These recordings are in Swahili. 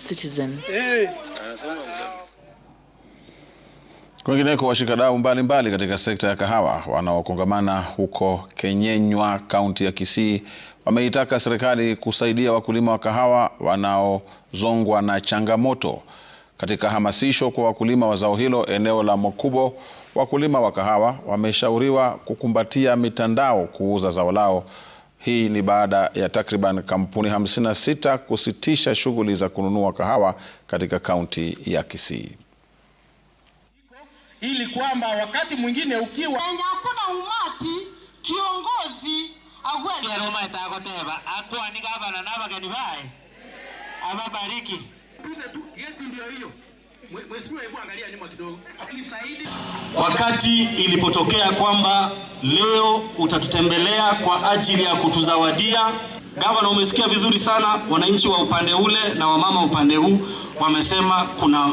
Citizen. Kwingineko, washikadau mbalimbali katika sekta ya kahawa wanaokongamana huko Kenyenywa, kaunti ya Kisii, wameitaka serikali kusaidia wakulima wa kahawa wanaozongwa na changamoto. Katika hamasisho kwa wakulima wa zao hilo eneo la Mokubo, wakulima wa kahawa wameshauriwa kukumbatia mitandao kuuza zao lao hii ni baada ya takriban kampuni 56 kusitisha shughuli za kununua kahawa katika kaunti ya Kisii, ili kwamba wakati mwingine ukiwa enye hakuna umati kiongozi agweeromaitagoteva akwa ni gavana na bageni bae ababariki yeti ndio hiyo mheshimiwa, hebu angalia nyuma kidogo. Wakati ilipotokea kwamba leo utatutembelea kwa ajili ya kutuzawadia. Gavana, umesikia vizuri sana. Wananchi wa upande ule na wamama upande huu wamesema kuna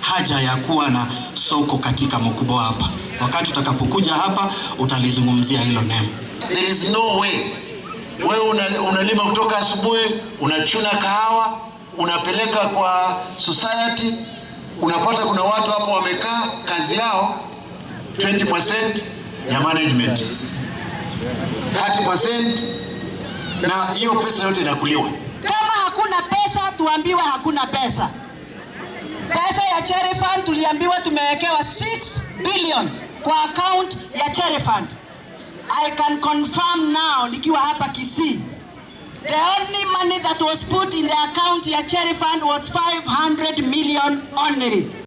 haja ya kuwa na soko katika mkubwa hapa. Wakati utakapokuja hapa utalizungumzia hilo neno. There is no way wewe unalima una kutoka asubuhi, unachuna kahawa, unapeleka kwa society, unapata kuna watu hapo wamekaa kazi yao 20% ya management 30% na hiyo pesa yote inakuliwa. Kama hakuna pesa, tuambiwa hakuna pesa. Pesa ya cherry fund tuliambiwa tumewekewa 6 billion kwa account ya cherry fund. I can confirm now nikiwa hapa Kisii. The only money that was put in the account ya cherry fund was 500 million only.